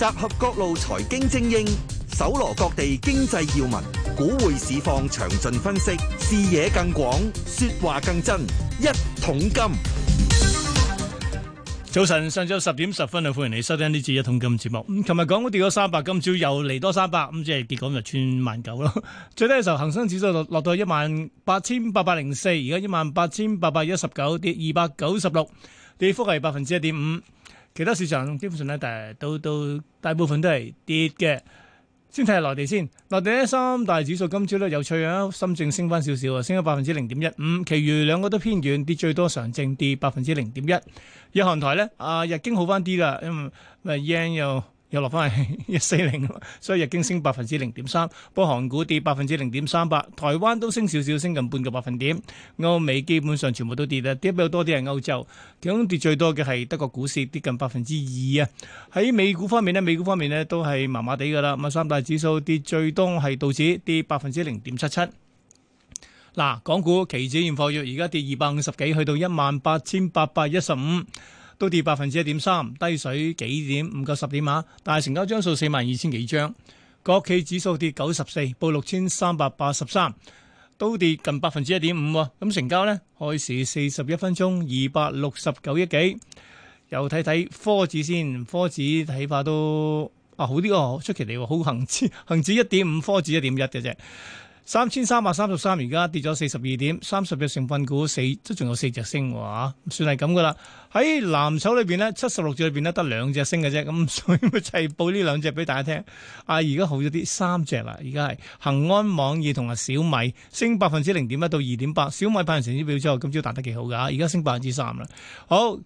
集合各路財經精英，搜羅各地經濟要聞，股匯市況詳盡分析，視野更廣，說話更真。一桶金，早晨，上晝十點十分啊！歡迎你收聽呢次一桶金節目。咁，琴日港股跌咗三百，今朝又嚟多三百，咁即係結果就穿萬九咯。最低嘅時候，恒生指數落落到一萬八千八百零四，而家一萬八千八百一十九，跌二百九十六，跌幅係百分之一點五。其他市場基本上咧，大都都大部分都係跌嘅。先睇下內地先，內地呢三大指數今朝咧有趣向，深圳升翻少少，升咗百分之零點一五，其餘兩個都偏軟，跌最多，上證跌百分之零點一。日韓台咧，啊日經好翻啲啦，因為日圓又。又落翻去， 一四零，所以日經升百分之零點三，不過韓股跌百分之零點三八，台灣都升少少，升近半個百分點。歐美基本上全部都跌啦，跌比較多啲係歐洲，其中跌最多嘅係德國股市跌近百分之二啊。喺美股方面咧，美股方面咧都係麻麻地噶啦，咁三大指數跌最多係道指跌百分之零點七七。嗱、啊，港股期指現貨約而家跌二百五十幾，去到一萬八千八百一十五。都跌百分之一點三，低水幾點？唔夠十點啊！但係成交張數四萬二千幾張，國企指數跌九十四，報六千三百八十三，都跌近百分之一點五。咁、啊、成交呢，開市四十一分鐘二百六十九億幾。又睇睇科指先，科指睇法都啊好啲哦，出奇嚟喎，好，恒指，恒指一點五，科指一點一嘅啫。三千三百三十三，而家跌咗四十二點，三十隻成分股四都仲有四隻升，哇！算係咁噶啦。喺藍籌裏邊呢，七十六隻裏邊咧得兩隻升嘅啫，咁所以咪齊報呢兩隻俾大家聽。啊，而家好咗啲，三隻啦，而家係恒安網易同埋小米升百分之零點一到二點八，小米派完成績表之後，今朝彈得幾好噶，而家升百分之三啦。好。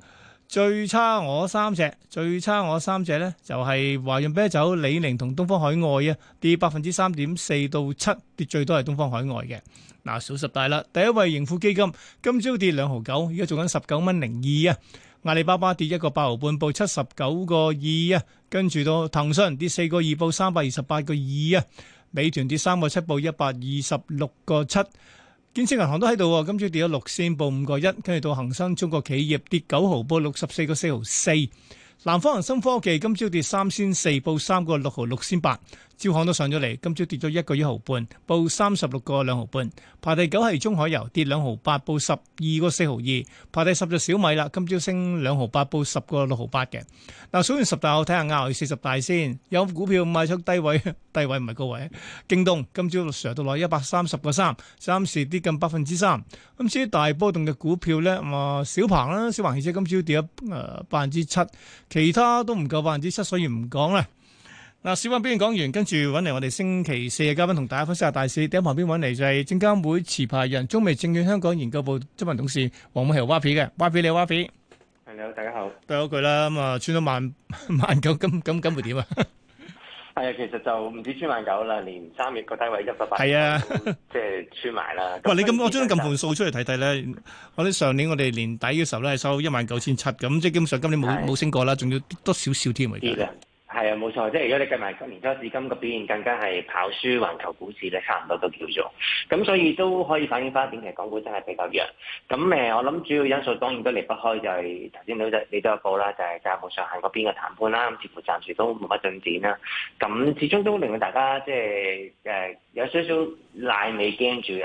最差我三隻，最差我三隻呢，就係華潤啤酒、李寧同東方海外啊，跌百分之三點四到七，7，跌最多係東方海外嘅。嗱、啊，數十大啦，第一位盈富基金，今朝跌兩毫九，而家做緊十九蚊零二啊。阿里巴巴跌一個八毫半，報七十九個二啊。跟住到騰訊跌四個二，報三百二十八個二啊。美團跌三個七，報一百二十六個七。建設銀行都喺度，今朝跌咗六仙，報五個一。跟住到恒生中國企業跌九毫，報六十四個四毫四。南方恒生科技今朝跌三仙四，報三個六毫六仙八。招行都上咗嚟，今朝跌咗一個一毫半，報三十六個兩毫半。排第九係中海油，跌兩毫八，報十二個四毫二。排第十就小米啦，今朝升兩毫八，報十個六毫八嘅。嗱，數完十大我睇下亞游四十大先，有股票賣出低位，低位唔係高位。京東今朝上到來一百三十個三，暫時跌近百分之三。咁至於大波動嘅股票咧，咁啊小鵬啦，小鵬汽車今朝跌咗誒百分之七，其他都唔夠百分之七，所以唔講啦。嗱，小溫篇講完，跟住揾嚟我哋星期四嘅嘉賓，同大家分享下大市。喺旁邊揾嚟就係證監會持牌人、中美證券香港研究部執行董事黃偉豪 Yapi 嘅。Yapi 你好，Yapi。朋友大家好。對好佢啦，咁啊，穿咗萬萬九，咁咁咁會點啊？係啊，其實就唔止穿萬九啦，年三月個低位一百八，即係穿埋啦。哇，你咁我將咁盤數出嚟睇睇咧，我哋上年我哋年底嘅時候咧係收一萬九千七咁，即係基本上今年冇冇升過啦，仲要多少少添啊。誒冇錯，即係如果你計埋今年初至今嘅表現，更加係跑輸環球股市咧，差唔多都叫做咁，所以都可以反映翻一點，其實港股真係比較弱。咁誒、呃，我諗主要因素當然都離不開就係頭先都你都有報啦，就係、是、債務上限嗰邊嘅談判啦，咁似乎暫時都冇乜進展啦。咁、嗯、始終都令到大家即係誒、呃、有少少賴尾驚住誒，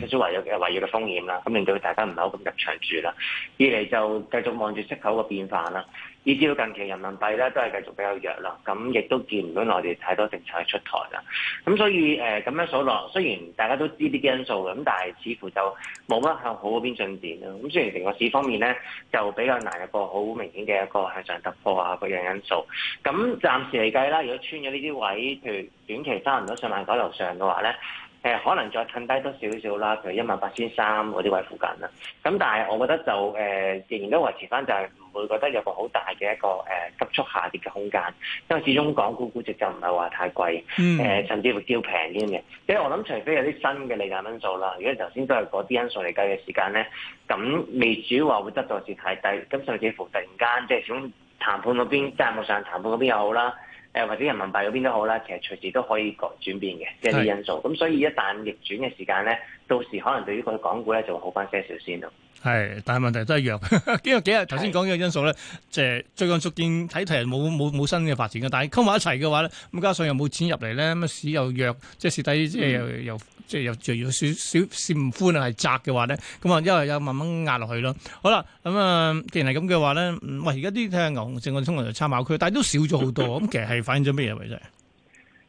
少少圍繞圍繞嘅風險啦。咁令到大家唔係好咁入場住啦。二嚟就繼續望住息口嘅變化啦。以至近期人民幣咧都係繼續比較弱啦，咁亦都見唔到內地太多政策嘅出台啦，咁所以誒咁、呃、樣數落，雖然大家都知呢啲因素咁，但係似乎就冇乜向好嗰邊進展咯。咁雖然成個市方面咧就比較難有個好明顯嘅一個向上突破啊，各樣因素。咁暫時嚟計啦，如果穿咗呢啲位，譬如短期翻唔到上萬九樓上嘅話咧。誒可能再褪低多少少啦，就一萬八千三嗰啲位附近啦。咁但係我覺得就誒、呃、仍然都維持翻，就係唔會覺得有個好大嘅一個誒、呃、急速下跌嘅空間，因為始終港股估值就唔係話太貴，誒、呃、甚至乎叫平啲嘅。嗯、即係我諗除非有啲新嘅利淡因素啦，如果頭先都係嗰啲因素嚟計嘅時間咧，咁未至於話會跌到至太低。咁甚至乎突然間即係始終談判嗰邊，債務上談判嗰邊又好啦。誒或者人民幣嗰邊都好啦，其實隨時都可以轉變嘅，即係啲因素，咁所以一旦逆轉嘅時間咧，到時可能對於個港股咧就會好翻些少先咯。係，但係問題都係弱。經過幾日頭先講嘅因素咧，即係最近逐漸睇題冇冇冇新嘅發展嘅。但係溝埋一齊嘅話咧，咁加上又冇錢入嚟咧，咁啊市又弱，即係市底即係又即係又仲要少少少唔寬啊，係窄嘅話咧，咁啊因為又慢慢壓落去咯。好啦，咁啊，既然係咁嘅話咧，喂，而家啲睇下牛熊證我通常就參考區，但係都少咗好多。咁其實係反映咗咩嘢嚟啫？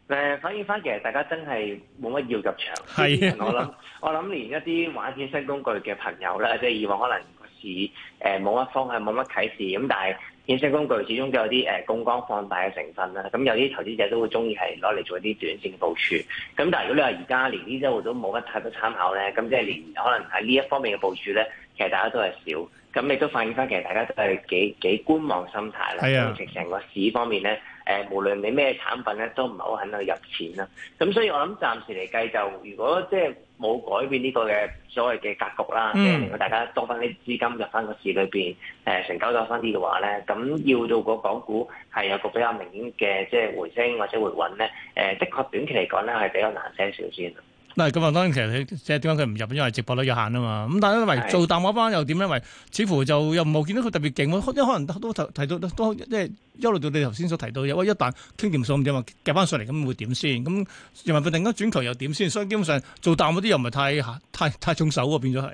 誒、呃，反映翻，其實大家真係冇乜要入場。係， 我諗，我諗連一啲玩衍生工具嘅朋友咧，即係以往可能市誒冇乜方向，冇乜啟示。咁但係衍生工具始終都有啲誒槓桿放大嘅成分啦。咁有啲投資者都會中意係攞嚟做一啲短線部署。咁但係如果你話而家連呢週都冇乜太多參考咧，咁即係連可能喺呢一方面嘅部署咧。其實大家都係少，咁你都發現翻，其實大家都係幾幾觀望心態啦。係啊、哎呀，成成個市方面咧，誒，無論你咩產品咧，都唔係好肯去入錢啦。咁所以我諗暫時嚟計就，如果即係冇改變呢個嘅所謂嘅格局啦，令到、嗯、大家多翻啲資金入翻個市裏邊，誒成交多翻啲嘅話咧，咁要到個港股係有個比較明顯嘅即係回升或者回穩咧，誒，的確短期嚟講咧係比較難聽少先。嗱，咁啊，當然其實你即係點解佢唔入，因為直播率有限啊嘛。咁但係因為做淡嗰班又點咧？因為似乎就又冇見到佢特別勁咯。因為可能都提提到都即係一路到你頭先所提到嘅。喂，一旦傾掂數咁點啊，夾翻上嚟咁會點先？咁又話佢突然間轉球又點先？所以基本上做淡嗰啲又唔係太太太重手喎，變咗係。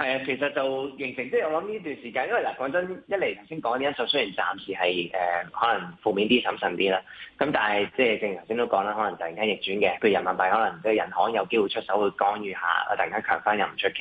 係啊，其實就形成即係我諗呢段時間，因為嗱講真，一嚟頭先講呢因素雖然暫時係誒、呃、可能負面啲、審慎啲啦，咁但係即係正如頭先都講啦，可能突然間逆轉嘅，譬如人民幣可能即係人行有機會出手去干預下，啊突然間強翻又唔出奇。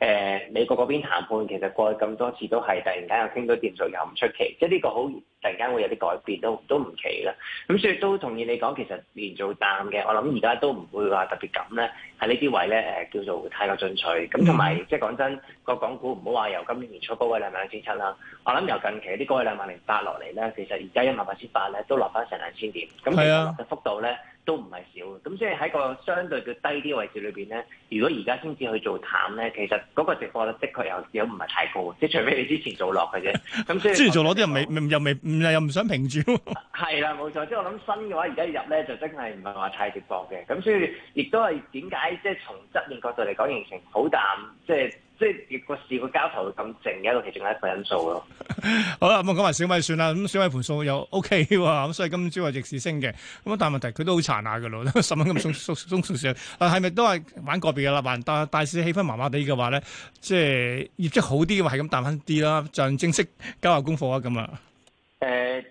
誒、呃、美國嗰邊談判其實過去咁多次都係突然間又升咗，掂數又唔出奇，即係呢個好突然間會有啲改變都都唔奇啦。咁所以都同意你講，其實連做淡嘅，我諗而家都唔會話特別咁咧。喺呢啲位咧誒、呃、叫做太過進取，咁同埋即係講真個港股唔好話由今年年初高位兩萬兩千七啦，我諗由近期啲高位兩萬零八落嚟咧，其實而家一萬八千八咧都落翻成兩千點，咁其實幅度咧，都唔係少，咁所以喺個相對嘅低啲位置裏邊咧，如果而家先至去做淡咧，其實嗰個值博率的確有，有唔係太高，即係除非你之前做落嘅啫。咁所以 之前做落啲 又未又未又唔想平住。係 啦，冇錯，即係我諗新嘅話而家入咧就真係唔係話太值博嘅，咁所以亦都係點解即係從側面角度嚟講形成好淡即係。就是即係個市個交投會咁靜嘅一個其中一個因素咯。 好啦，咁啊講埋小米算啦。咁小米盤數又 OK 喎，咁所以今朝話逆市升嘅。咁啊，但問題佢都好殘下嘅咯，十蚊咁鬆鬆鬆鬆上。但係咪都係玩個別嘅啦？但大市氣氛麻麻地嘅話咧，即係業績好啲嘅話，係咁彈翻啲啦。就正式交下功課啊，咁啊。誒，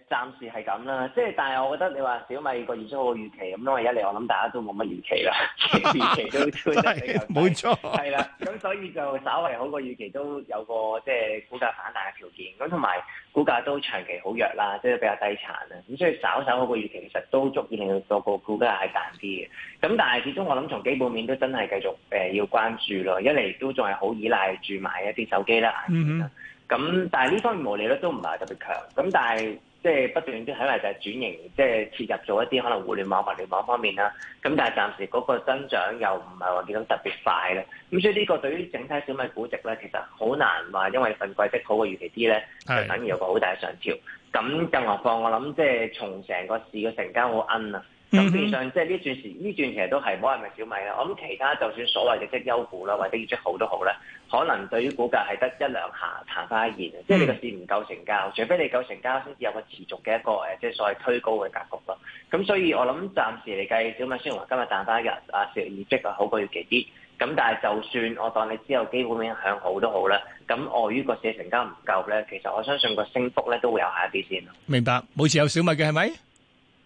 暫時係咁啦，即係但係我覺得你話小米個業績好過預期咁，因為一嚟我諗大家都冇乜預期啦，預期都都係冇錯，係啦， 咁 所以就稍為好過預期都有個即係、就是、股價反彈嘅條件，咁同埋股價都長期好弱啦，即、就、係、是、比較低殘啦，咁所以稍稍好過預期，其實都足以令到個個股價係彈啲嘅。咁但係始終我諗從基本面都真係繼續誒要關注咯，一嚟都仲係好依賴住賣一啲手機啦，硬件啦。嗯嗯咁、嗯、但係呢方面毛利咧都唔係特別強，咁但係即係不斷都睇嚟就係轉型，即、就、係、是、切入做一啲可能互聯網、物聯網方面啦。咁但係暫時嗰個增長又唔係話見到特別快咧。咁所以呢個對於整體小米估值咧，其實好難話，因為份季績好過預期啲咧，就等於有個好大嘅上調。咁是更何況我諗即係從成個市嘅成交好奀啊！咁、mm hmm. 變相即係呢段時呢段其實都係冇人咪小米啦，我諗其他就算所謂嘅績優股啦或者業績好都好咧，可能對於股價係得一兩下彈翻一現，mm hmm. 即係你個市唔夠成交，除非你夠成交先至有個持續嘅一個誒即係所謂推高嘅格局咯。咁所以我諗暫時嚟計，小米雖然話今日彈翻一日啊，業績啊好過要幾啲，咁但係就算我當你之後基本面向好都好啦，咁礙於個市成交唔夠咧，其實我相信個升幅咧都會有下一啲先。明白，冇持有小米嘅係咪？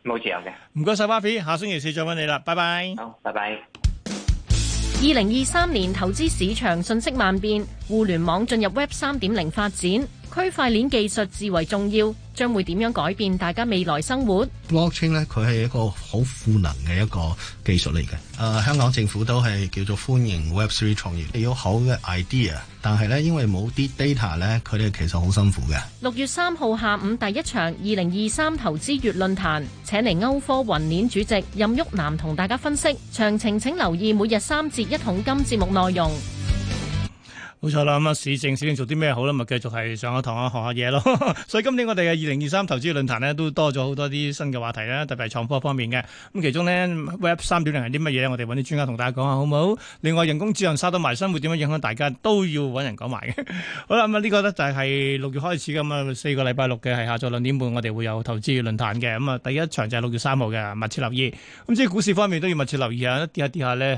冇自由嘅，唔該晒，Vivi，下星期四再搵你啦，拜拜。好，oh，拜拜。二零二三年投資市場瞬息萬變，互聯網進入 Web 三點零發展。區塊鏈技術至為重要，將會點樣改變大家未來生活？Blockchain 咧，佢係一個好賦能嘅一個技術嚟嘅。誒、呃，香港政府都係叫做歡迎 Web3 創業，你有好嘅 idea，但係呢，因為冇啲 data 咧，佢哋其實好辛苦嘅。六月三號下午第一場二零二三投資月論壇，請嚟歐科雲鏈主席任旭南同大家分析，詳情請留意每日三節一桶金節目內容。冇錯啦，咁啊市政市政做啲咩好咧？咪繼續係上一堂一下堂啊，學下嘢咯。 所以今年我哋嘅二零二三投資論壇咧，都多咗好多啲新嘅話題咧，特別係創科方面嘅。咁其中咧 Web 三點零係啲乜嘢？我哋揾啲專家同大家講下好唔好？另外人工智能殺到埋身，會點樣影響大家？都要揾人講埋嘅。 好啦，咁啊呢個咧就係六月開始嘅咁啊四個禮拜六嘅係下晝兩點半，我哋會有投資論壇嘅。咁、嗯、啊第一場就係六月三號嘅，密切留意。咁、嗯、即係股市方面都要密切留意啊！跌下跌下咧，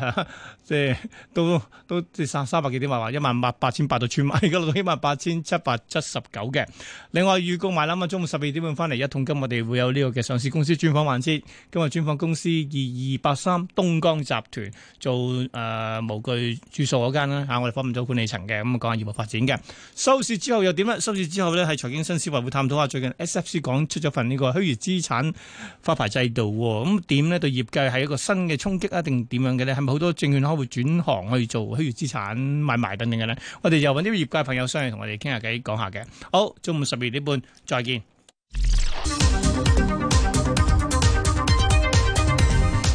即 係都都即三三百幾點話話一萬八。八千八到千萬嘅，錄到起碼八千七百七十九嘅。另外預告埋啦嘛，中午十二點半翻嚟一桶金，我哋會有呢個嘅上市公司專訪環節。今日專訪公司二二八三東江集團做誒、呃、模具注塑嗰間啦吓，我哋訪問咗管理層嘅，咁講下業務發展嘅。收市之後又點呢？收市之後呢，係財經新思維會探討下最近 SFC 講出咗份呢個虛擬資產發牌制度。咁、嗯、點呢？對業界係一個新嘅衝擊啊？定點樣嘅呢？係咪好多證券行會轉行去做虛擬資產買賣等等嘅呢？我哋又揾啲業界朋友上嚟，同我哋傾下偈，講下嘅。好。中午十二點半再見。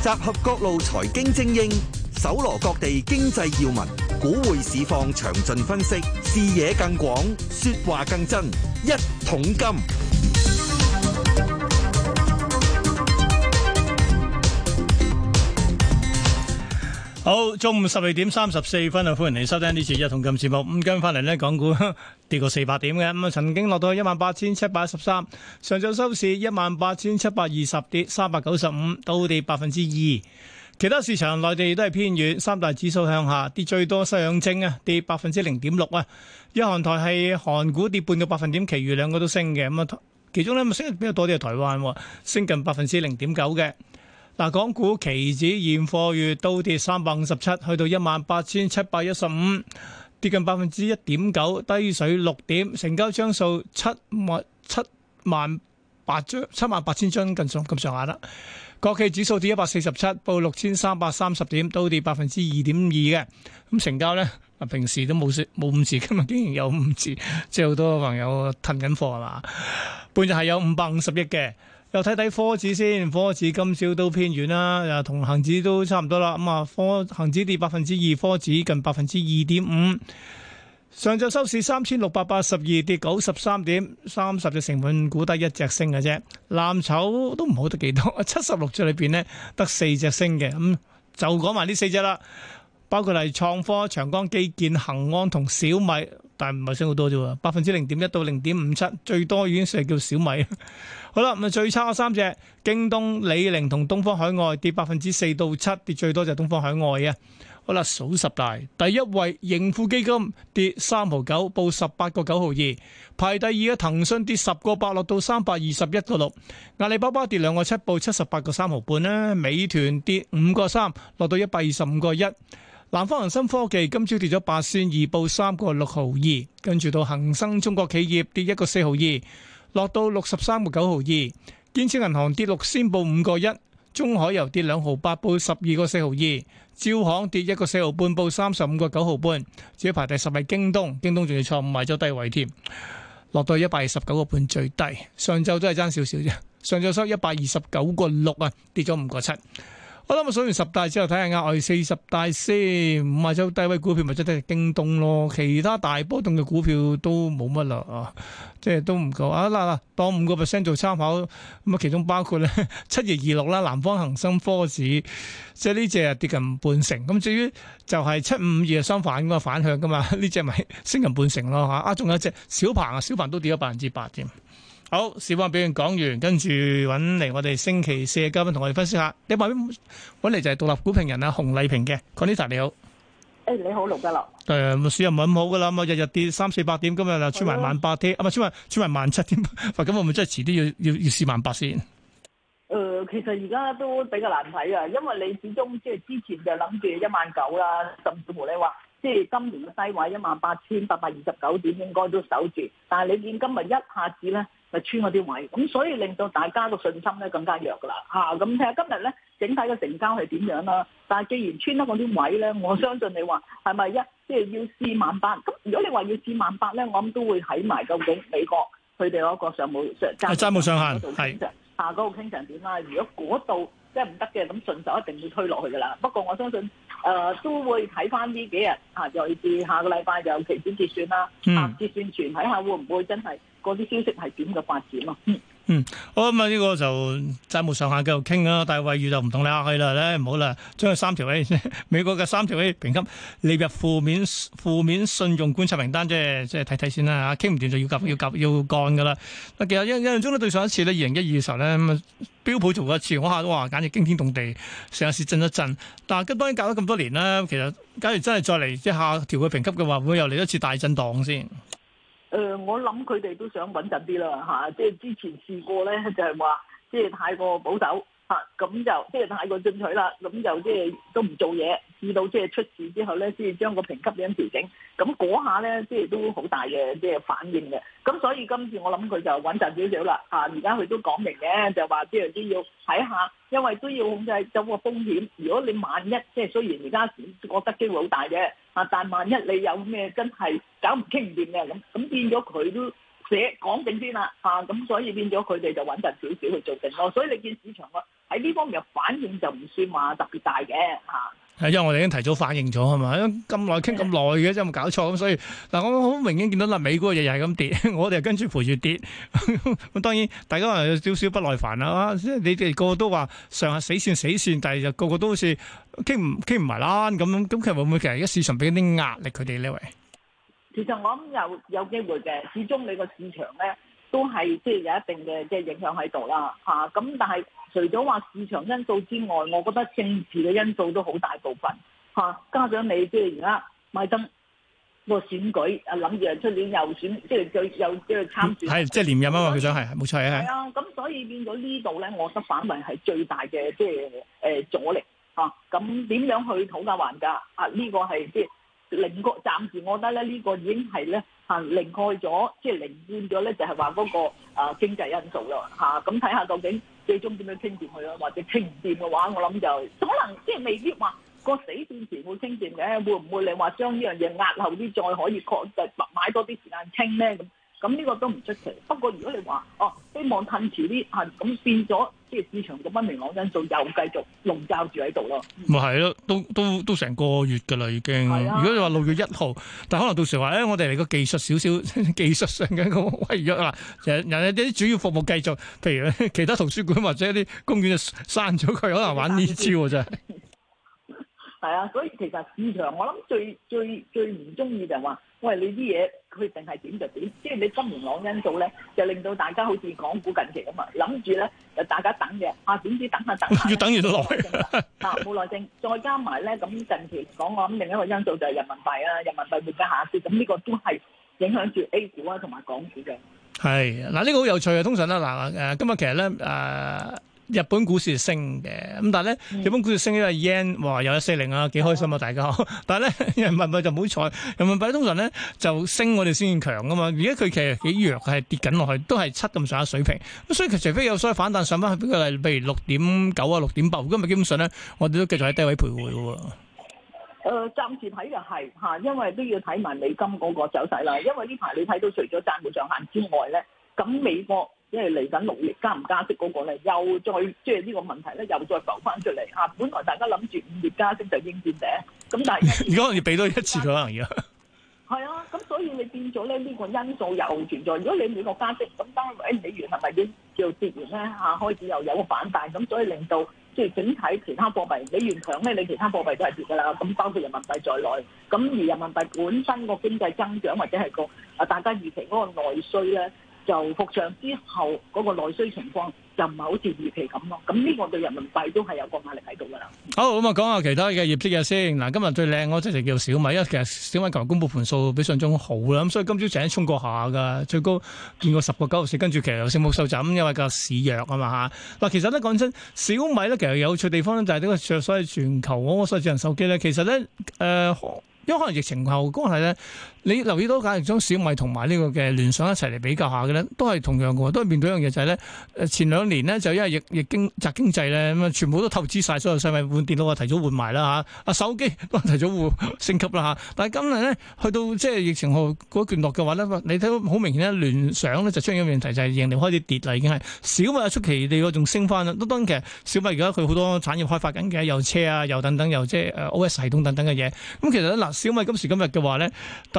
集合各路財經精英，搜羅各地經濟要聞，股匯市況詳盡分析，視野更廣，說話更真，一桶金。好，中午十二點三十四分啊，歡迎嚟收聽呢次一桶金節目。五更翻嚟呢港股跌過四百點嘅，咁、嗯、啊曾經落到一萬八千七百一十三，上晝收市一萬八千七百二十，跌三百九十五，倒跌百分之二。其他市場內地都係偏軟，三大指數向下，跌最多係上證啊跌百分之零點六啊。一韓台係韓股跌半個百分點，其餘兩個都升嘅。咁、嗯、啊，其中呢，升比較多啲係台灣、哦，升近百分之零點九嘅。嗱，港股期指現貨月都跌三百五十七，去到一萬八千七百一十五，跌近百分之一點九，低水六點，成交張數七萬七萬八張，七萬八千張近，近，近上咁上下啦。國企指數跌一百四十七，報六千三百三十點，都跌百分之二點二嘅。咁成交呢，平時都冇冇五字，今日竟然有五字，即係好多朋友囤緊貨係嘛？半日係有五百五十億嘅。又睇睇科指先，科指今朝都偏軟啦，同恒指都差唔多啦。咁啊，科恒指跌百分之二，科指近百分之二點五。上晝收市三千六百八十二，跌九十三點，三十隻成分股得一隻升嘅啫。藍籌都唔好得幾多，七十六隻裏邊呢得四隻升嘅。咁就講埋呢四隻啦，包括嚟創科、長江基建、恒安同小米。但唔係升好多啫喎，百分之零點一到零點五七，最多已經成叫小米。好啦，咁啊最差嗰三隻，京東、李寧同東方海外跌百分之四到七，跌最多就係東方海外啊。好啦，數十大，第一位盈富基金跌三毫九，報十八個九毫二；排第二嘅騰訊跌十個八，落到三百二十一個六；阿里巴巴跌兩個七，報七十八個三毫半啦；美團跌五個三，落到一百二十五個一。南方恒生科技今朝跌咗八仙二，報三個六毫二，跟住到恒生中國企業跌一個四毫二，落到六十三個九毫二。建設銀行跌六仙，報五個一。中海油跌兩毫八，報十二個四毫二。招行跌一個四毫半，報三十五個九毫半。至於排第十係京東，京東仲要錯誤賣咗低位添，落到一百二十九個半最低。上晝都係爭少少啫，上晝收一百二十九個六啊，跌咗五個七。好啦，我數完十大之後，睇下額外四十大先。五萬周低位股票咪即係京東咯，其他大波動嘅股票都冇乜啦啊，即係都唔夠啊。嗱、啊、嗱，當五個 percent 做參考，咁啊，其中包括咧七二二六啦，南方恒生科指，即係呢隻跌近半成。咁至於就係七五二，相反噶反向噶嘛，呢隻咪升近半成咯吓。啊，仲有一隻小鵬啊，小鵬都跌咗百分之八添。好，市況表現講完，跟住揾嚟我哋星期四嘅嘉賓同我哋分析下。你話邊揾嚟就係獨立股評人啊，洪麗萍嘅，Conita 你好。誒，你好，盧家樂。誒，市又唔好噶啦，咁啊日日跌三四百點，今日就穿埋萬八添。啊嘛穿埋穿埋萬七添，咁會唔會真係遲啲要要要試萬八先。誒，其實而家都比較難睇啊，因為你始終即係之前就諗住一萬九啦，甚至乎你話即係今年嘅低位一萬八千八百二十九點應該都守住，但係你見今日一下子咧。咪穿嗰啲位，咁所以令到大家個信心咧更加弱噶啦嚇，咁睇下今日咧，整體嘅成交係點樣啦、啊。但係既然穿得嗰啲位咧，我相信你話係咪一即係、就是、要試萬八？咁如果你話要試萬八咧，我諗都會睇埋究竟美國佢哋嗰個上冇上債債務上限嗰度，係是啊嗰個傾向點啦。如果嗰度即係唔得嘅，咁順手一定會推落去噶啦。不過我相信誒、呃、都會睇翻呢幾日嚇、啊，尤其是下個禮拜有期先結算啦，啊結算完睇下會唔會真係。嗰啲消息係點嘅發展咯？嗯嗯，好咁啊！呢、嗯這個就債務上限繼續傾啦。但係惠譽就唔同你下去啦，咧唔好啦，將佢三條 A，美國嘅三條 A 評級列入負面負面信用觀察名單啫，即係睇睇先啦嚇。傾唔斷就要夾要夾要干噶啦。其實印象中咧對上一次咧，二零一二嘅時候咧，標普做一次，我下都話哇，簡直驚天動地，成日市震一震。但係跟當然隔咗咁多年啦，其實假如真係再嚟即係下調佢評級嘅話，會唔會又嚟一次大震盪先？誒、呃，我諗佢哋都想穩陣啲啦嚇，即、啊、係之前試過咧，就係話即係太過保守嚇，咁、啊、就即係、就是、太過進取啦，咁就即係、就是、都唔做嘢。知道即係出事之後咧，先將個評級點調整。咁嗰下咧，即係都好大嘅即係反應嘅。咁所以今次我諗佢就穩陣少少啦。啊，而家佢都講明嘅，就話即係都要睇下，因為都要控制咗個風險。如果你萬一即係雖然而家覺得機會好大嘅，啊，但萬一你有咩真係搞唔傾掂嘅咁，咁變咗佢都寫講定先啦。啊，咁所以變咗佢哋就穩陣少少去做定咯。所以你見市場個喺呢方面嘅反應就唔算話特別大嘅嚇。係，因為我哋已經提早反應咗係嘛，咁耐傾咁耐嘅，真係冇搞錯咁。所以嗱，我好明顯見到嗱，美股日日係咁跌，我哋跟住陪住跌。咁當然大家有少少不耐煩啦，你哋個個都話上下死線死線，但係就個個都好似傾唔傾唔埋攬咁樣，咁其實會唔會其實而家市場俾啲壓力佢哋呢位？其實我諗有有機會嘅，始終你個市場咧都係即係有一定嘅即係影響喺度啦嚇。咁但係。除咗話市場因素之外，我覺得政治嘅因素都好大部分嚇。加上你即係而家拜登個選舉啊，諗住啊出年又選，即係又又即係參選，係即係連任啊嘛，佢想係冇錯啊。係啊，咁所以變咗呢度咧，我覺得反為係最大嘅，即係誒阻力嚇。咁點樣去討價還價啊？呢個係即係另個，暫時我覺得咧，呢個已經係咧行另開咗，即係另變咗咧，就係話嗰個啊經濟因素咯嚇。咁睇下究竟。最終點樣清掂佢呀？或者清唔掂嘅話，我諗就可能即係未必話個死線時會清掂嘅，會唔會你話將呢樣嘢壓後啲，再可以確就買多啲時間清咧咁？咁呢個都唔出奇，不過如果你話哦希望褪遲啲係咁變咗，即係市場嘅不明朗因素又繼續籠罩住喺度咯，咪係咯，都都都成個月㗎喇已經。啊、如果你話六月一號，但可能到時話咧、哎，我哋嚟個技術少少， 技術上嘅一個威脅啦。 人人哋啲主要服務繼續，譬如其他圖書館或者啲公園就刪咗佢，可能玩呢招啊真係。 係啊，所以其實市場我諗最最最唔中意就係話，喂你啲嘢佢定係點就點，即係你今年朗因素咧，就令到大家好似港股近期咁嘛，諗住咧就大家等嘅。啊點知等下等下要等越耐，啊冇耐性，再加埋咧咁近期講我諗另一個因素就係人民幣啊，人民幣匯價下跌，咁呢個都係影響住 A 股啊同埋港股嘅。係嗱，呢個好有趣啊！通常咧嗱誒，今日其實咧誒。日本，嗯、日本股市升嘅，咁但係咧，日本股市升，咗個 yen 哇，有一四零啊，幾開心啊，大家。 但係咧，人民幣就唔好彩，人民幣通常咧就升，我哋先強噶嘛。而家佢其實幾弱，係跌緊落去，都係七咁上下水平。咁所以佢除非有所反彈上翻去，佢比如六點九啊，六點八，咁咪基本上咧，我哋都繼續喺低位徘徊嘅。誒、呃，暫時睇就係吓，因為都要睇埋美金嗰個走勢啦。因為呢排你睇到，除咗債務上限之外咧，咁美國。即係嚟緊六月加唔加息嗰個咧，又再即係呢個問題咧，又再浮翻出嚟啊！本來大家諗住五月加息就應變嘅，咁但係如果要俾多一次，佢可能要係啊！咁所以你變咗咧呢個因素又存在。如果你美國加息，咁單位美元係咪叫跌完咧啊？開始又有個反彈，咁所以令到即係整體其他貨幣美元強咧，你其他貨幣都係跌噶啦。咁包括人民幣在內，咁而人民幣本身個經濟增長或者係個啊大家預期嗰個內需咧。就復場之後嗰、那個內需情況就唔係好似預期咁咯，咁呢個對人民幣都係有個壓力喺度㗎啦。好，咁啊講下其他嘅業績嘅先。嗱，今日最靚嗰隻就叫小米，因為其實小米琴日公布盤數比上週好啦，咁所以今朝成日衝過下㗎，最高見過十個九十四，跟住其實有升冇受枕，因為個市弱啊嘛嚇。嗱，其實咧講真，小米咧其實有趣地方咧就係呢個所謂全球嗰個數智能手機咧，其實咧誒、呃，因為可能疫情後關係咧。你留意到假如將小米同埋呢個嘅聯想一齊嚟比較下嘅咧，都係同樣嘅，都係面對一樣嘢就係咧，誒前兩年呢，就因為疫情疫經宅經濟咧，咁啊全部都投資晒，所有小米換電腦啊，提早換埋啦嚇，啊手機都提早換升級啦嚇、啊。但係今日咧去到即係疫情後嗰段落嘅話咧，你睇到好明顯咧，聯想咧就出現咗問題，就係盈利開始跌啦，已經係小米出奇地喎仲升翻啦。當然其實小米而家佢好多產業開發緊嘅，有車啊又等等又即、就、係、是呃、O.S 系統等等嘅嘢。咁、嗯、其實咧嗱、呃，小米今時今日嘅話咧，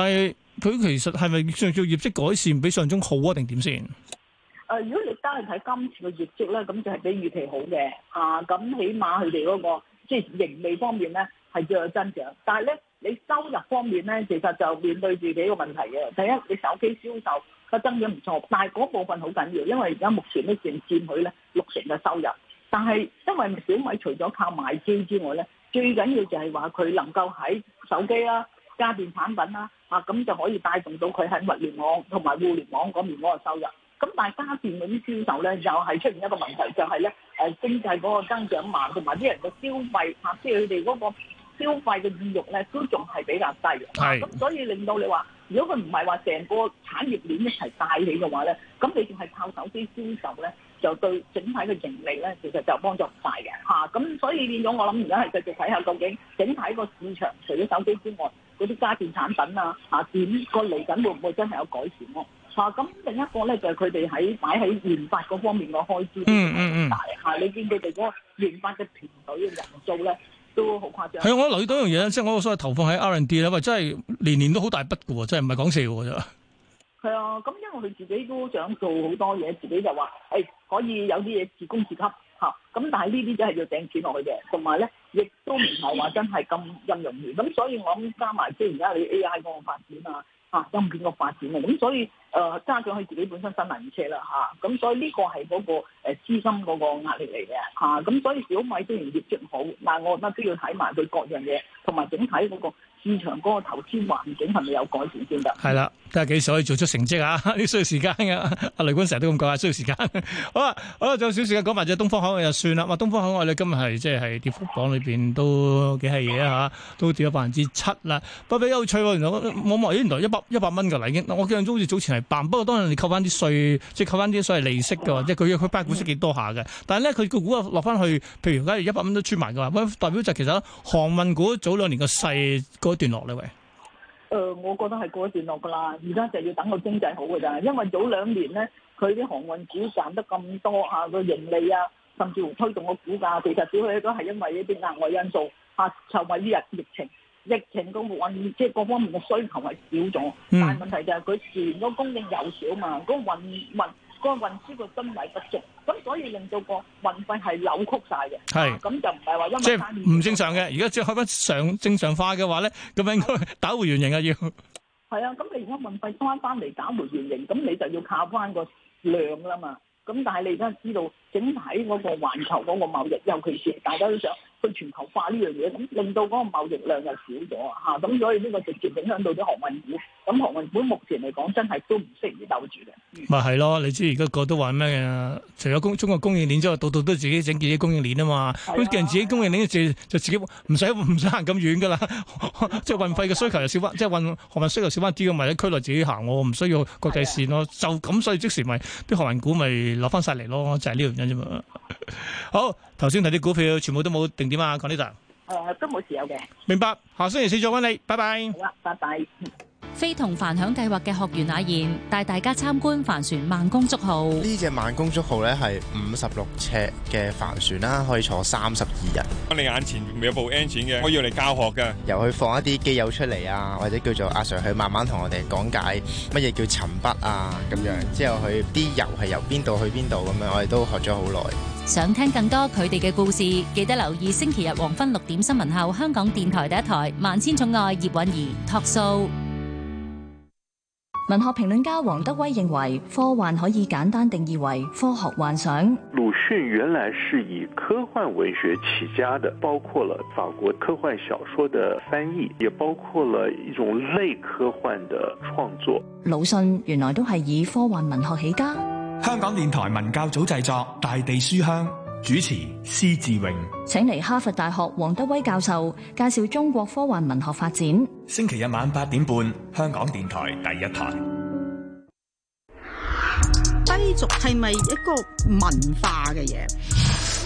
係佢其實係咪在做業績改善，比上中好啊？定點先？誒，如果你單係睇今次嘅業績咧，咁就係比預期好嘅。啊，咁起碼佢哋嗰個即係盈利方面咧係最有增長。但係咧，你收入方面咧，其實就面對住幾個問題嘅。第一，你手機銷售個增長唔錯，但係嗰部分好緊要，因為而家目前咧淨佔佢咧六成嘅收入。但係因為小米除咗靠賣機之外咧，最緊要就係話佢能夠喺手機啦。家電產品啦，啊咁就可以帶動到佢喺物聯網同埋互聯網嗰面嗰個收入。咁但係家電嗰啲銷售咧，又係出現一個問題，就係咧誒經濟嗰個增長慢，同埋啲人嘅消費，或者佢哋嗰個消費嘅意欲咧，都仲係比較低。係咁是，所以令到你話，如果佢唔係話成個產業鏈一齊帶起嘅話咧，咁你仲係靠手機銷售咧，就對整體嘅盈利咧，其實就幫助唔大嘅。嚇咁，所以變咗我諗而家係繼續睇下究竟整體個市場，除咗手機之外。嗰啲家電產品啊，嚇點個嚟緊會唔會真係有改善咯？嚇，咁另一個咧，就係佢哋喺擺喺研發嗰方面個開支都好大嚇。你見佢哋嗰研發嘅團隊嘅人數咧都好誇張。係啊，我留意到一樣嘢咧，即係我所謂投放喺 R and D 咧，或者係年年都好大筆嘅喎，真係唔係講笑嘅啫。係啊，咁因為我哋自己都想做好多嘢，自己就話誒可以有啲嘢自供自給。嚇，咁但係呢啲都係要掟錢落去嘅，同埋咧，亦都唔係話真係咁咁容易。咁 所以我諗加埋即係而家你 A I 嗰個發展啊，啊芯片個發展啊，咁所以誒加上佢自己本身新能源車啦嚇，咁、啊、所以呢個係嗰個誒資金嗰個壓力嚟嘅嚇，咁、啊、所以小米雖然業績好，但係我覺得都要睇埋佢各樣嘢，同埋整體嗰個市場嗰個投資環境係咪有改善先得？係啦。睇下幾時可以做出成績啊！呢需要時間嘅，阿雷官成日都咁講啊，需要、啊、時間、啊。好啊，好啊，仲有少少時間講埋隻東方海外就算啦。哇，東方海外你今日係即係跌幅榜裏邊都幾係嘢啊！都跌咗百分之七啦，不不有趣喎、啊！原來冇、哎、原來一百一百蚊噶啦已經。我印象中好似早前係辦，不過當日你扣翻啲稅，即係扣翻啲所謂利息嘅，即係佢佢股息幾多下嘅。但係咧，佢個股啊落翻去，譬如而家一百蚊都出埋嘅話，代表就其實航運股早兩年嘅勢嗰段落嚟。喂。誒，我覺得係過一段落㗎啦，而家就係要等個經濟好㗎咋，因為早兩年咧，佢啲航運股賺得咁多啊，個盈利啊，甚至乎推動個股價，其實少去都係因為呢啲額外因素吓，受近日疫情，疫情個運即係各方面嘅需求係少咗，但係問題就係佢船個供應又少啊嘛，個運運。個運輸個噸位不足，咁所以令到個運費係扭曲晒嘅。係是，咁、啊、就唔係話因為即係唔正常嘅。而家只要開翻常正常化嘅話咧，咁應該打回原形啊要。係啊，咁你如果運費翻翻嚟打回原形，咁你就要靠翻個量啦嘛。咁但係你而家知道整體嗰個環球嗰個貿易，尤其是大家都想。去全球化呢樣嘢，咁令到嗰個貿易量又少咗吓，咁所以呢個直接影響到啲航運股。咁航運股目前嚟講，真係都唔適宜守住嘅。咪係咯？你知而家個都話咩？除咗供中國供應鏈之外，度度都自己整自己供應鏈啊嘛。好似、啊、自己供應鏈，就就自己唔使唔使行咁遠噶啦。呵呵啊、 即係運費嘅需求又少翻，啊、即係運航運需求少翻啲咁咪喺區內自己行，我唔需要國際線咯。啊啊、就咁，所以即時咪啲航運股咪落翻晒嚟咯，就係、是、呢個原因啫嘛。啊、 好，頭先睇啲股票全部都冇定。點啊？講呢度，誒、嗯，都冇時候嘅。明白，下星期四再搵你，拜拜。好啦、啊，拜拜。非同凡響計劃嘅學員阿燕帶大家參觀帆船慢工竹號，呢隻慢工竹號咧，係五十六尺嘅帆船啦，可以坐三十二人。你眼前咪有部 engine 嘅，我要嚟教學噶，由佢放一啲機油出嚟啊，或者叫做阿 sir 去慢慢同我哋講解乜嘢叫沉筆啊，咁樣之後佢啲油係由邊度去邊度咁樣，我哋都學咗好耐。想聽更多佢哋嘅故事，記得留意星期日黃昏六點新聞後，香港電台第一台萬千寵愛葉韻儀托數。文學評論家王德威認為，科幻可以簡單定義為科學幻想。魯迅原來是以科幻文學起家的，包括了法國科幻小說的翻譯，也包括了一種類科幻的創作。魯迅原來都係以科幻文學起家。香港電台文教組製作《大地書香》。主持施志榮，請嚟哈佛大學王德威教授介紹中國科幻文學發展。星期日晚八點半，香港電台第一台。低俗係咪一個文化嘅嘢？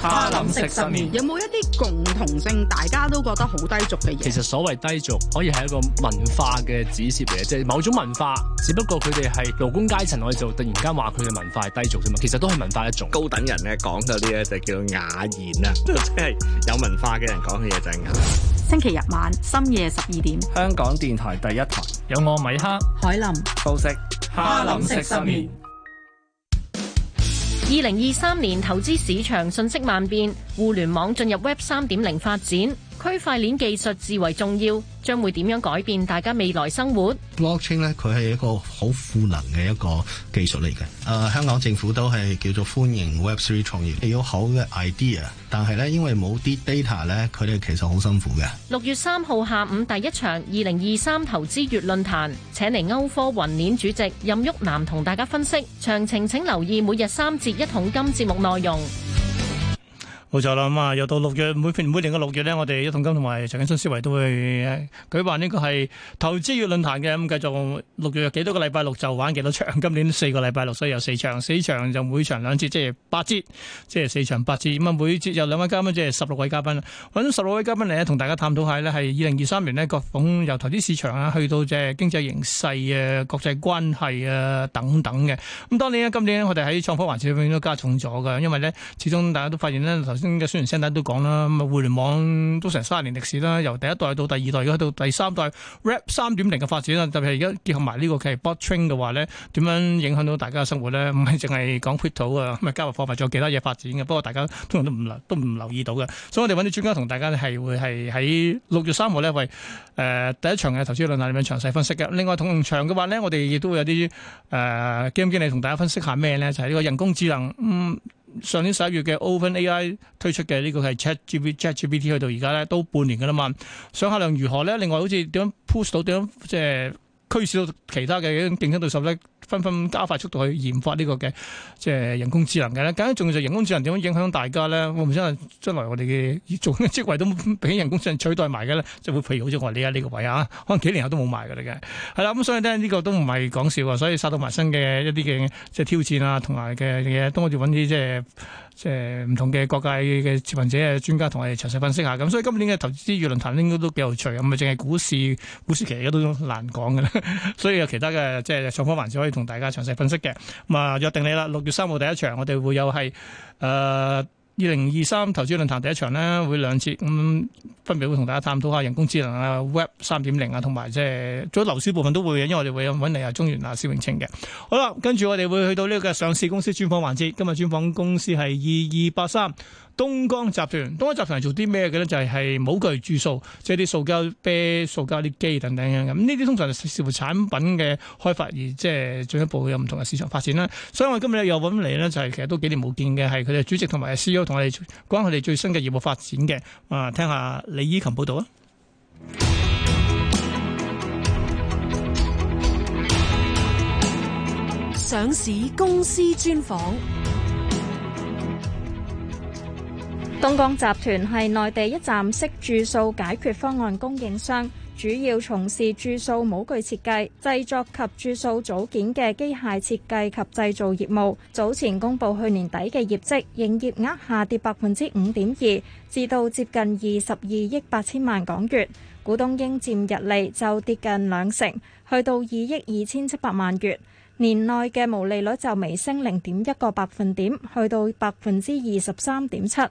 花林食十年，眠有冇一啲共同性？大家都覺得好低俗嘅嘢。其實所謂低俗，可以係一個文化嘅指示嘅，即係某種文化，只不過佢哋係勞工階層，我哋就突然間話佢嘅文化係低俗啫嘛。其實都係文化一種。高等人咧，講嗰啲咧，就叫雅言啦，即係有文化嘅人講嘅嘢就係雅。星期日晚深夜十二點，香港電台第一台，有我米哈、海林、布色、花林食十年。二零二三年，投資市場瞬息萬變，互聯網進入 Web 三點零發展。區塊鏈技術至為重要，將會點樣改變大家未來生活？Blockchain 呢佢係一個好賦能嘅一個技術嚟嘅。誒、呃，香港政府都係叫做歡迎 Web3 創業，你有好嘅 idea。但係咧，因為冇啲 data 咧，佢哋其實好辛苦嘅。六月三號下午第一場二零二三投資月論壇，請嚟歐科雲鏈主席任旭南同大家分析。詳情請留意每日三節一桶金節目內容。冇錯啦，咁啊、嗯、又到六月每平每年嘅六月呢，我哋一桶金同埋陳景新師傅都會舉辦呢個係投資月論壇嘅。咁繼續六月幾多個禮拜六就玩幾多場？今年四個禮拜六，所以有四場，四場就每場兩節，即係八節，即係四場八節。咁啊，每節有兩位嘉賓，即係十六位嘉賓，揾十六位嘉賓嚟同大家探討下呢，係二零二三年呢，各種由投資市場啊，去到即係經濟形勢啊，國際關係啊等等嘅。咁當然今年我哋喺創科環節上面都加重咗㗎，因為呢，始終大家都發現呢，嘅宣傳聲，大家都講啦。咁啊，互聯網都成三十年歷史啦。由第一代到第二代，而家到第三代，RAP 三點零嘅發展啦。特別係而家結合埋呢個嘅 Bot Training 嘅話咧，點樣影響到大家嘅生活咧？唔係淨係講 Crypto 啊，咁啊加密貨幣，仲有其他嘢發展嘅。不過大家通常都唔留，都唔留意到嘅。所以我哋揾啲專家同大家咧係會係喺六月三號咧，為誒、呃、第一場嘅投資論壇入面詳細分析嘅。另外同場嘅話咧，我哋亦都會有啲誒基金經理同大家分析下咩咧，就係、是、呢個人工智能。嗯上年十一月嘅 OpenAI 推出嘅呢個係 ChatGPT 去到而家咧都半年嘅啦嘛，上客量如何咧？另外好似點樣 push 到點樣即係驅使到其他嘅競爭對手咧？紛紛加快速度去研發呢個嘅即係人工智能嘅咧，咁樣仲要人工智能點樣影響大家咧？我唔想話將來我哋嘅做嘅職位都俾人工智能取代埋嘅咧，即係會譬如好似我哋而家呢個位啊，可能幾年後都冇埋㗎啦。係啦，咁所以咧呢個都唔係講笑啊，所以殺到埋身嘅一啲嘅即係挑戰啊同埋嘅嘢，都我哋揾啲即係即係唔同嘅各界嘅辯者、專家同我哋詳細分析下。咁所以今年嘅投資之語論壇應該都幾有趣，唔係淨係股市，股市其實而家都難講嘅啦。所以有其他嘅即係上方環節可以。同大家詳細分析嘅。咁、嗯、啊，約定你啦，六月三號第一場，我哋會有係誒。呃二零二三投資論壇第一場咧，會兩次咁、嗯、分別會同大家探討下人工智能啊、Web 三點零啊，同埋即係做樓市部分都會，因為我哋會揾嚟阿中原啊、施永青嘅。好啦，跟住我哋會去到呢個上市公司專訪環節，今日專訪公司係二二八三東江集團。東江集團係做啲咩嘅咧？就係係模具注塑，即係啲塑膠、啤塑膠啲機等等咁。呢啲通常係視乎產品嘅開發而，而即係進一步有唔同嘅市場發展啦。所以我今日又揾嚟咧，就係、是、其實都幾年冇見嘅，係佢哋主席同埋 CEO 同我哋講佢哋最新嘅業務發展嘅。啊、呃，聽下李依琴報道啊！上市公司專訪，東江集團係內地一站式住宿解決方案供應商。主要從事注塑模具設計、製作及注塑組件嘅機械設計及製造業務。早前公布去年底嘅業績，營業額下跌百分之五點二，至到接近二十二億八千萬港元。股東應佔溢利就跌近兩成，去到二億二千七百萬元。年內嘅毛利率就微升零點一個百分點，去到百分之二十三點七。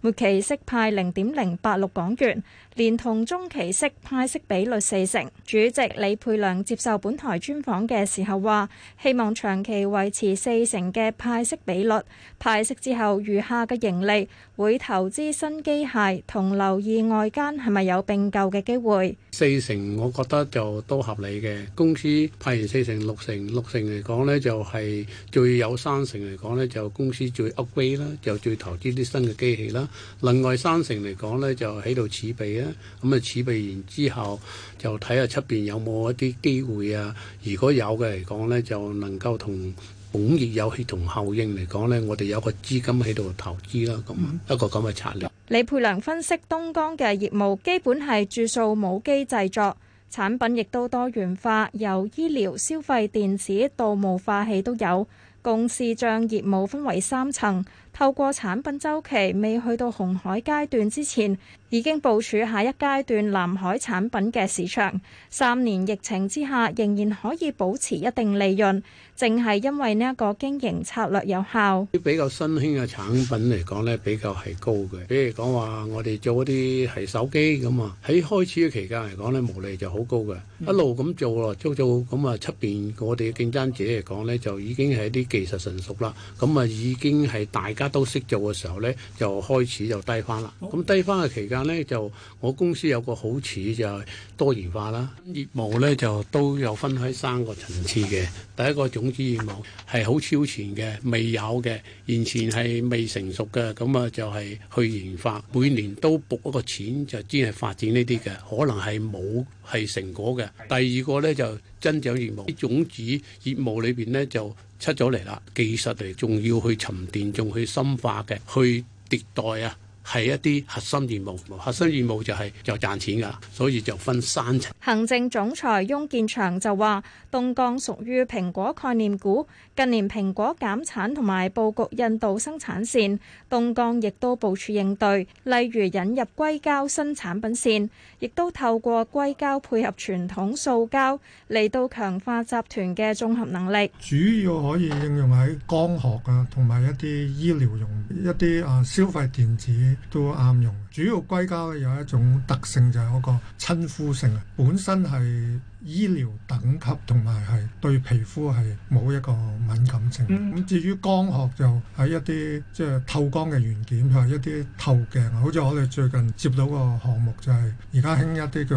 末期息派零點零八六港元。連同中期息派息比率四成，主席李佩良接受本台專訪嘅時候話，希望長期維持四成嘅派息比率，派息之後餘下嘅盈利會投資新機械同留意外間係咪有並購嘅機會。四成我覺得就都合理嘅，公司派完四成六成，六成嚟講呢就係最有三成嚟講呢就公司最 upgrade 啦，就最投資啲新嘅機器啦。另外三成嚟講呢就喺度儲備。咁啊，儲備完之後就睇下出邊有冇一啲機會啊！如果有嘅嚟講呢，就能夠同本業有協同效應嚟講呢，我哋有個資金喺度投資啦，咁一個咁嘅策略。李培良分析東江嘅業務基本係注塑母機製作產品，亦都多元化，由醫療、消費電子到霧化器都有。公司將業務分為三層。透過產品週期未去到紅海階段之前，已經部署下一階段藍海產品嘅市場。三年疫情之下，仍然可以保持一定利潤。正係因為呢一個經營策略有效，比較新興嘅產品嚟講咧，比較係高嘅。比如講話我哋做一啲係手機咁啊，喺開始嘅期間嚟講咧，毛利就好高嘅。一路咁做咯，做做咁啊，出邊我哋嘅競爭者嚟講咧，就已經係啲技術成熟啦。咁、嗯、啊，已經係大家都識做嘅時候咧，就開始就低翻啦。咁好低翻嘅期間咧，就我公司有個好處就係多元化啦。業務咧就都有分開三個層次嘅，第一個。種。之業務係好超前嘅，未有嘅，完全係未成熟嘅，咁啊就係去研發，每年都撥一個錢就先係發展呢啲嘅，可能係冇係成果嘅。第二個呢，就係、增長業務，種子業務裏邊呢，就出咗嚟啦，技術嚟仲要去沉澱，仲去深化嘅，去迭代啊。係一啲核心業務，核心業務就係就賺錢㗎，所以就分三層。行政總裁翁建祥就話：東江屬於蘋果概念股，近年蘋果減產同埋佈局印度生產線，東江亦都部署應對，例如引入硅膠新產品線，亦都透過硅膠配合傳統塑膠嚟到強化集團嘅綜合能力。主要可以應用喺光學啊，同埋一啲醫療用、一啲啊消費電子。都啱用。主要硅膠咧有一種特性就係一個親膚性啊，本身係醫療等級同埋係對皮膚係冇一個敏感性。咁、嗯、至於光學就喺一啲即係透光嘅元件，譬、就、如、是、一啲透鏡，好似我哋最近接到個項目就係而家興一啲叫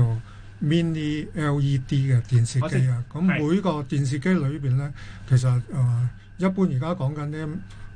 mini LED 嘅電視機啊。咁每個電視機裏邊咧，是其實誒、呃、一般而家講緊咧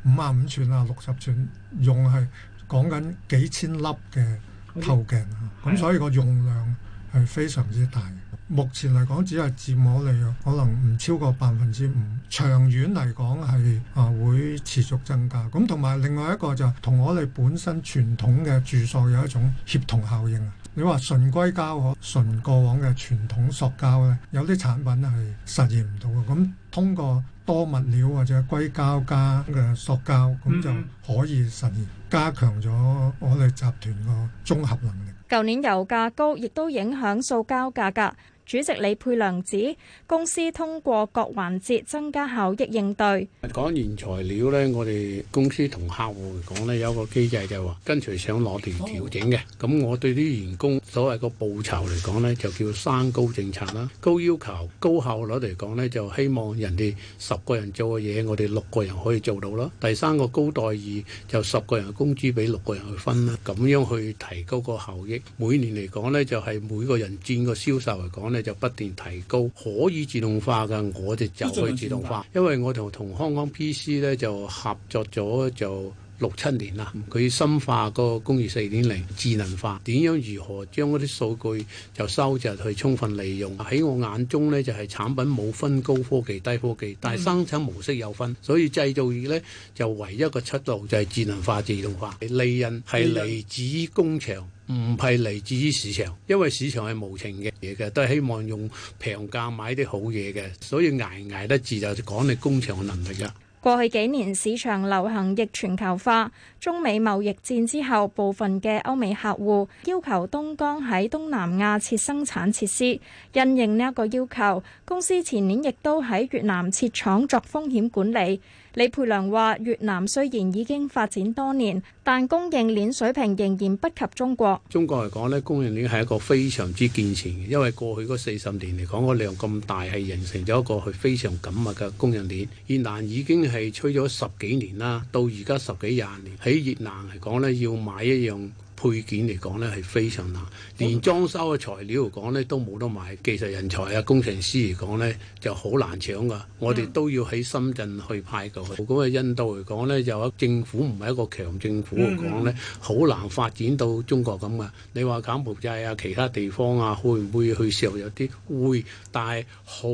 五十五吋啊六十吋用係。講緊幾千粒嘅透鏡，咁 Okay. 所以個用量係非常之大的。目前嚟講，只係佔我哋可能唔超過百分之五。長遠嚟講係啊，會持續增加。咁同埋另外一個就係同我哋本身傳統嘅注塑有一種協同效應啊。你話純硅膠呵，純過往嘅傳統塑膠呢，有啲產品係實現唔到嘅。咁通過。多物料或者硅膠加嘅塑膠，咁就可以實現加強咗我哋集團個綜合能力。舊年油價高，亦都影響塑膠價格。主席李佩良指，公司通過各環節增加效益應對。講原材料咧，我哋公司同客戶嚟講咧有個機制，就話跟隨想攞定調整嘅。咁我對啲員工所謂個報酬嚟講咧，就叫三高政策啦，高要求、高效率嚟講咧，就希望人哋十個人做嘅嘢，我哋六個人可以做到啦。第三個高待遇就十個人工資俾六個人去分啦，咁樣去提高個效益。每年嚟講咧，就係、是、每個人佔個銷售嚟講咧。就不斷提高，可以自動化嘅，我哋就去自動化，自動自動化，因為我同同香港 PC 咧就合作咗就六七年啦。佢深化個工業四點零智能化，點樣如何將嗰啲數據就收集去充分利用？喺我眼中咧就係、是、產品冇分高科技低科技，但係生產模式有分。嗯、所以製造業咧就唯一,一個出路就係智能化自動化，利潤係嚟自工場。唔係嚟自於市場，因為市場係無情嘅嘢嘅，都係希望用平價買啲好嘢嘅，所以挨挨得住就講你工程能力啦。過去幾年市場流行逆全球化，中美貿易戰之後，部分嘅歐美客戶要求東江喺東南亞設生產設施，因應呢一個要求，公司前年亦都喺越南設廠作風險管理。李培良話：越南雖然已經發展多年，但供應鏈水平仍然不及中國。中國嚟講呢，供應鏈係一個非常之健全嘅，因為過去嗰四十年嚟講，個量咁大係形成咗一個係非常緊密嘅供應鏈。越南已經係吹咗十幾年啦，到而家十幾廿年，喺越南嚟講呢，要買一樣配件嚟講呢係非常難，連裝修嘅材料嚟講呢都冇得買，技術人才啊、工程師嚟講呢就好難搶㗎。我哋都要喺深圳去派過去。咁啊，印度嚟講呢，就一政府唔係一個強政府嚟講呢，好難發展到中國咁啊。你話柬埔寨啊，其他地方啊，會唔會去攝有啲？會，但係好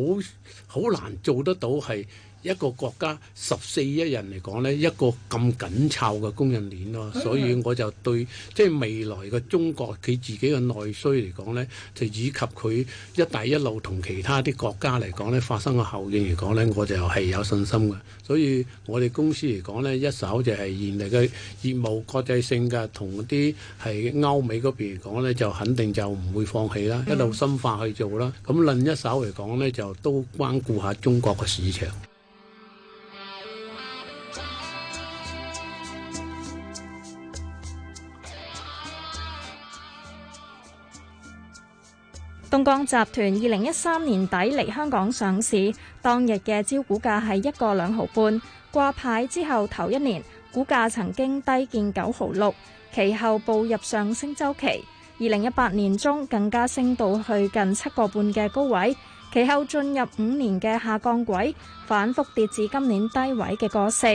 好難做得到係。一個國家十四億人嚟講呢一個咁緊湊嘅供應鏈咯，所以我就對即係、就是、未來嘅中國佢自己嘅內需嚟講呢就以及佢一帶一路同其他啲國家嚟講呢發生嘅效應嚟講呢我就係有信心嘅。所以我哋公司嚟講呢一手就係現嚟嘅業務國際性嘅，同啲係歐美嗰邊嚟講呢就肯定就唔會放棄啦，一路深化去做啦。咁另一手嚟講呢就都關顧下中國嘅市場。東江集團二零一三年底嚟香港上市，當日嘅招股價係一個兩毫半掛牌之後頭一年股價曾經低見九毫六，其後步入上升周期，二零一八年中更加升到去近七個半嘅高位，其後進入五年嘅下降軌，反覆跌至今年低位嘅個四，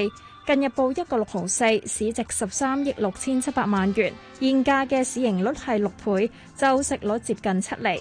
近日報一個六毫四，市值十三億六千七百萬元，現價嘅市盈率係六倍，周息率接近七厘。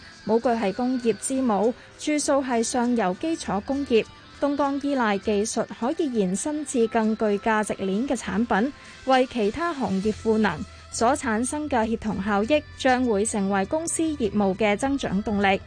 模具係工業之母，注塑係上游基礎工業。東江依賴技術可以延伸至更具價值鏈嘅產品，為其他行業賦能，所產生嘅協同效益將會成為公司業務嘅增長動力。